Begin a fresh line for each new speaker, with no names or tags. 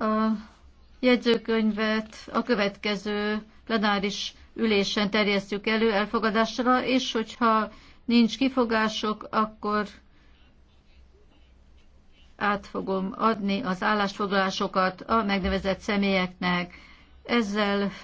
a jegyzőkönyvet a következő plenáris ülésen terjesztjük elő elfogadásra, és hogyha nincs kifogások, akkor át fogom adni az állásfoglalásokat a megnevezett személyeknek. Ezzel